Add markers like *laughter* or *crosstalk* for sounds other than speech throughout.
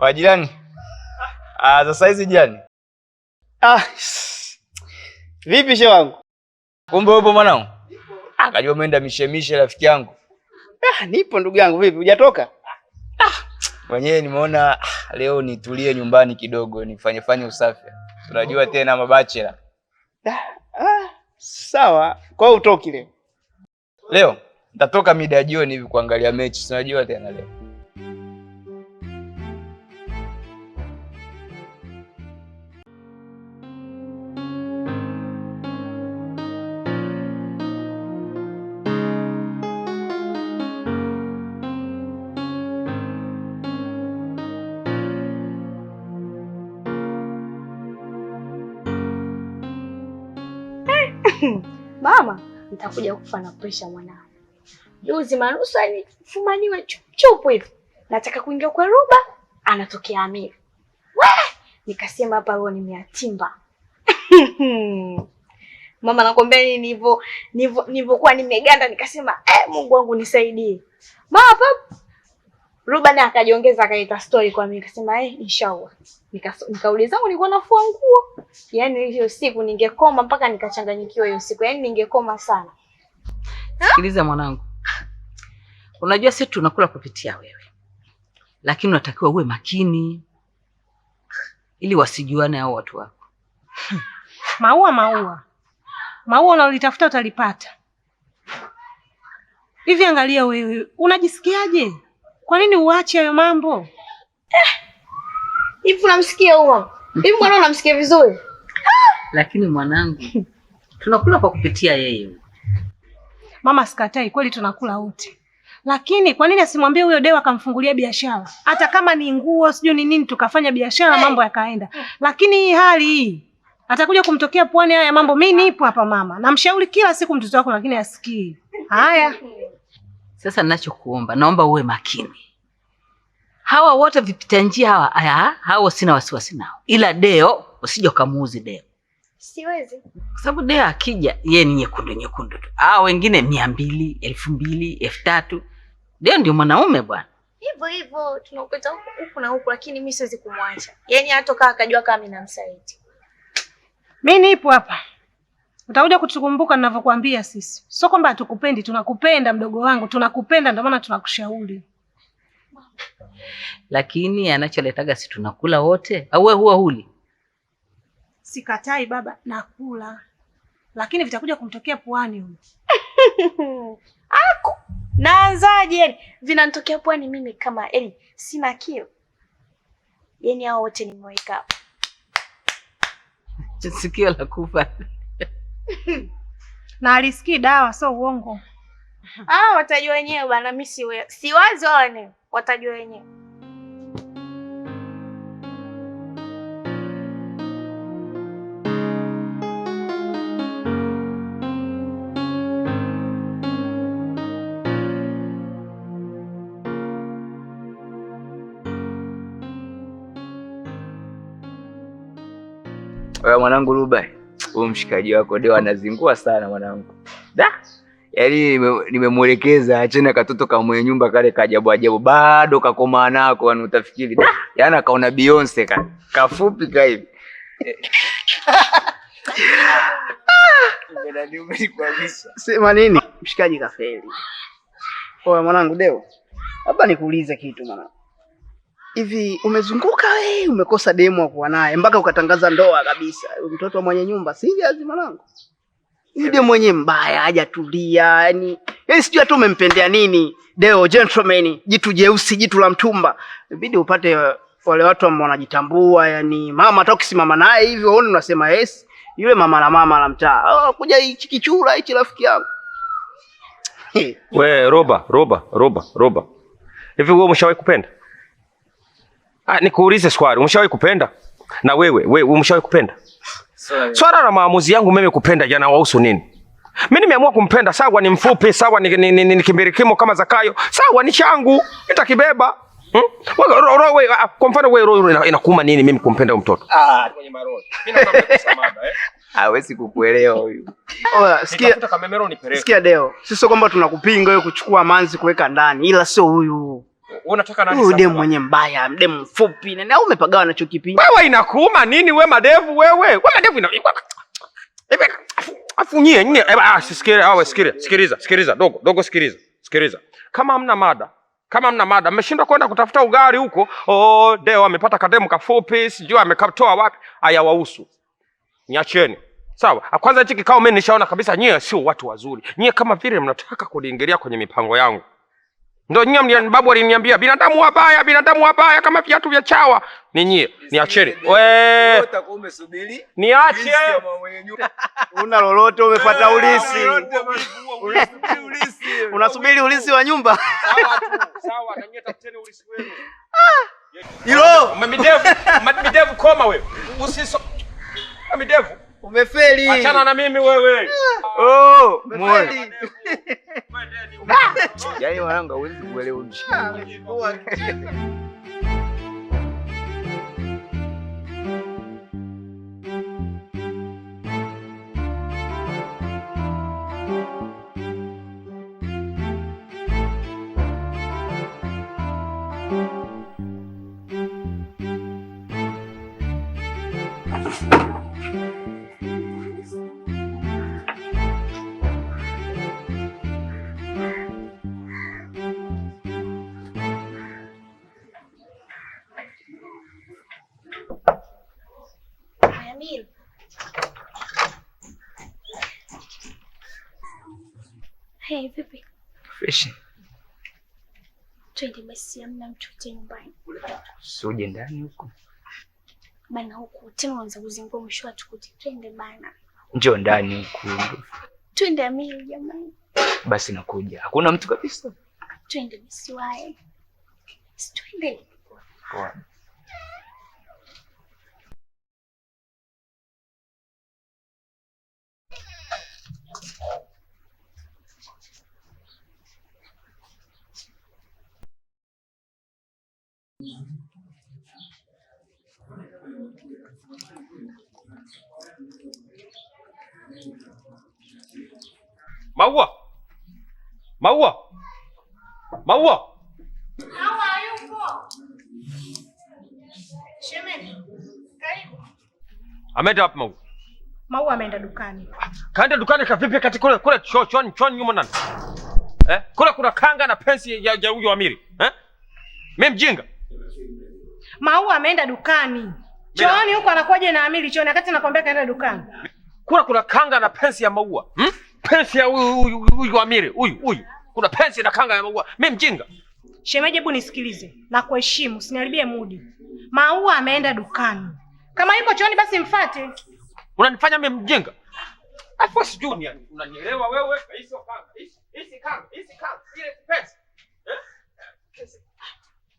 Ah, ah sasa hizi jirani. Ah, vipi she wangu, kumbe upo mwanangu? Akajua ah, umeenda mishemishe, rafiki yangu. Ah, nipo ndugu yangu, vipi hujatoka? Ah, mwenyewe nimeona leo nitulie nyumbani kidogo nifanye fanye usafi, tunajua tena mabachela. Ah, sawa. Kwa hiyo utoki leo? Leo nitatoka mida ya jioni hivi kuangalia mechi, tunajua tena leo nitakuja kufa na presha mwanangu. Juzi Marusa alifumaniwa chupuchupu hivi, nataka kuingia kwa Ruba, anatokea Amiri. We, nikasema hapa leo nimeatimba. *laughs* Mama nakwambia nini nivyo nivo nivyokuwa nimeganda, nikasema eh, Mungu wangu nisaidie. Mama Ruben akajiongeza akaleta story kwa mimi akasema eh, inshallah. Nikauliza zangu nilikuwa nafua nguo. Yaani hiyo siku ningekoma mpaka nikachanganyikiwa hiyo siku. Yaani ningekoma sana. Sikiliza mwanangu. Unajua sisi tunakula kupitia wewe. Lakini unatakiwa uwe makini ili wasijuane hao watu wako. Maua maua. Maua unalitafuta utalipata. Hivi angalia wewe, unajisikiaje? Kwa nini uache hayo mambo eh, hivi? Eh, unamsikia huo hivi mwanao, unamsikia vizuri lakini mwanangu, tunakula kwa kupitia yeye. Mama sikatai, kweli tunakula wote, lakini kwa nini asimwambie huyo dewa akamfungulia biashara, hata kama ni nguo sijui ni nini, tukafanya biashara mambo yakaenda. Lakini hii hali hii atakuja kumtokea pwani haya mambo. Mimi nipo hapa mama, namshauri kila siku mtoto wako, lakini asikii haya sasa ninachokuomba, naomba uwe makini. Hawa wote vipita njia hawa aya, hawa sina wasiwasi nao, ila Deo usije ukamuuzi Deo. Siwezi kwa sababu Deo akija ye ni nyekundu nyekundu tu, hao wengine mia mbili elfu mbili elfu tatu Deo ndio mwanaume bwana hivyo hivyo tunakuta huku na huku, lakini mimi siwezi kumwacha. Yaani hata kama akajua kama mimi namsaliti, mimi nipo hapa. Utakuja kutukumbuka ninavyokuambia sisi. Sio kwamba hatukupendi, tunakupenda mdogo wangu, tunakupenda ndio maana tunakushauri. Lakini anacholetaga si tunakula wote au wewe huwa huli? Sikatai baba, nakula. Lakini vitakuja kumtokea puani huyo. *laughs* Aku naanzaje? Vinanitokea puani mimi kama yani sina kio. Yaani hao wote nimeweka. *laughs* Sikio la kufa na alisikii dawa, sio uongo. *laughs* Ah, watajua wenyewe bana, mimi si siwazi waone, watajua wenyewe. Wewe mwanangu Rubai huyu mshikaji wako Deo anazingua sana mwanangu. Da. Yaani nimemwelekeza achana katoto ka mwenye nyumba kale kajabu ajabu bado kakoma nako yani utafikiri da. Yaani akaona Beyonce ka kafupi ka hivi. *laughs* Sema nini? Mshikaji kafeli. Oya mwanangu Deo. Hapa nikuulize kitu mwanangu. Hivi umezunguka we, umekosa demu kuwa naye mpaka ukatangaza ndoa kabisa. Mtoto wa mwenye nyumba sija azima langu yule mwenye mbaya hajatulia, yani yani sijui hata umempendea nini. Deo gentleman, jitu jeusi, jitu la mtumba, ibidi upate wale watu ambao wanajitambua. Yani mama hata ukisimama naye hivi waone unasema yes, yule mama la mama la mtaa. Oh, kuja hichi kichura hichi rafiki yangu we roba roba roba roba, hivi wewe umeshawahi kupenda Ah, nikuulize swali, umeshawahi kupenda? Na wewe, wewe umeshawahi kupenda? Swala la maamuzi yangu mimi kupenda yanawahusu nini? Mimi nimeamua kumpenda, sawa ni mfupi, sawa ni, ni, ni, ni ni kimbirikimo kama Zakayo, sawa ni changu, nitakibeba. Hmm? Wewe ro, ro, we, ah, kwa mfano wewe roho inakuuma nini mimi kumpenda mtoto? Ah, kwenye maroho. Mimi naomba kusamaha eh. Hawezi kukuelewa huyu. Oh, sikia. Sikia Deo. Sisi sio kwamba tunakupinga wewe kuchukua manzi kuweka ndani, ila sio huyu unataka nani sasa? Demu mwenye mbaya, demu mfupi. Na umepagawa na chuki pia. Wewe inakuuma nini wewe madevu wewe? Wewe madevu ina afu nyie nyie, eh, ah, sisikiliza au sikiliza sikiliza sikiliza, dogo dogo, sikiliza sikiliza. Kama hamna mada kama mna mada, mmeshindwa kwenda kutafuta ugali huko. Oh, deo amepata kademu kafupi, sijui amekatoa wapi. Hayawahusu, niacheni sawa. Ah, kwanza hichi kikao mimi nishaona kabisa nyie sio watu wazuri. Nyie kama vile mnataka kuniingilia kwenye mipango yangu. Ndio nyinyi mlian babu aliniambia binadamu wabaya, binadamu wabaya kama viatu vya chawa. Ni nyie, niacheni. Wewe utakuwa umesubiri. Niache. Una lolote umefuata ulisi. *laughs* Unasubiri ulisi wa nyumba. Sawa tu, sawa na nyie takuteni ulisi wenu. Hilo, ah! mamidevu, mamidevu koma wewe. Usiso. Mamidevu. Umefeli. Achana na mimi wewe. Ah! Oh, umefeli. *laughs* *laughs* yaani mwanangu, hauwezi kuelewa. Hey, vipi? Fresh. Twende basi, amna mtu yote nyumbani. Suje ndani huko. Bana huko tena unaanza kuzingua mwisho tukuti. Twende bana. Njoo ndani huko. Twende amili jamani. Basi nakuja. Hakuna mtu kabisa. Twende basi wae. Twende. Poa. Maua, maua, maua. Maua yuko shemeji, karibu. Ameenda wapi Maua? Maua ameenda dukani. Kaenda dukani kavipi? Kati kule kule chochoni choni nyuma nani? Eh? Kule kuna kanga na pensi ya ya huyo Amiri. Eh? Mimi mjinga. Maua ameenda dukani. Chooni huko anakuja na Amiri chooni, wakati nakwambia kaenda dukani. Kule kuna kanga na pensi ya Maua. Hmm? pensi ya huyu huyu huyu Amiri huyu huyu, kuna pensi na kanga ya maua. Mimi mjinga? Shemeji, hebu nisikilize na kuheshimu, usiniharibie mudi. Maua ameenda dukani, kama yuko chooni basi mfate. Unanifanya mimi mjinga? Afu sijui yani, unanielewa wewe? Hizo kanga, hizi kanga, hizi kanga, ile pensi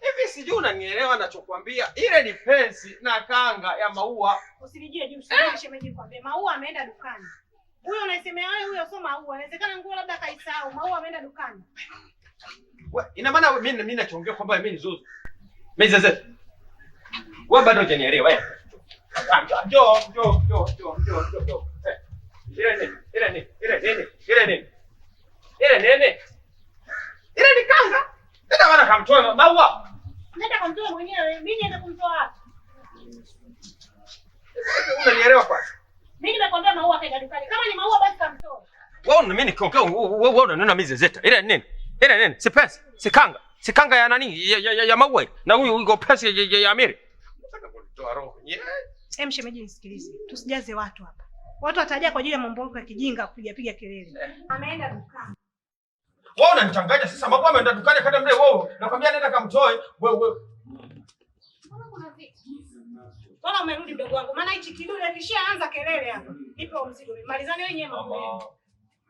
Hivi sijui unanielewa nachokwambia? Ile ni pensi na kanga ya maua. Usinijie juu, shemeji, kwambie maua ameenda dukani. Huyo unaisemea wewe, huyo sio Maua. Inawezekana nguo labda kaisahau. Maua ameenda dukani. Wewe ina maana mimi mimi nachoongea kwamba mimi ni zuzu. Mimi sasa. Wewe bado hujanielewa wewe. Eh. Ah, njoo, njoo, njoo, njoo, njoo, njoo. Eh, ile ni, ile ni, ile ni, ile ni. Ile ni nene. Ile ni kanga. Nenda wana kamtoa Maua. Nenda kamtoa mwenyewe. Mimi naenda kumtoa wapi? Unanielewa kwanza? Mimi nakwambia maua kaenda dukani. Kama ni maua basi kamtoe. Wewe una mimi koka wewe unaona mimi zezeta. Ile nini? Ile nini? Si pesa, si kanga. Si kanga ya nani? Ya, ya, ya, ya maua. Na huyu yuko pesa ya, ya, ya Amiri. Nataka kunitoa roho. Yeah. Hem, shemeji nisikilize. Tusijaze watu hapa. Watu wataja kwa ajili ya mambo ya kijinga kupiga piga kelele. Eh. Ameenda dukani. Wewe unanichanganya sasa, mambo ameenda dukani kata mbele wewe. Nakwambia nenda kamtoe. Wewe wewe Wala umerudi mdogo wangu, maana hichi kidude kishaanza kelele hapa. Ipo mzigo, malizani wewe nyema mambo.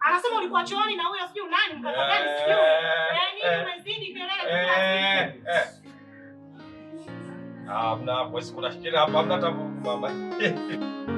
Anasema ulikuwa chooni na huyo sijui nani mkaka gani eh, sijui. Yaani umezidi kelele Ah, mna hapo sikuna shikira hapa, mna tabu mama. *laughs*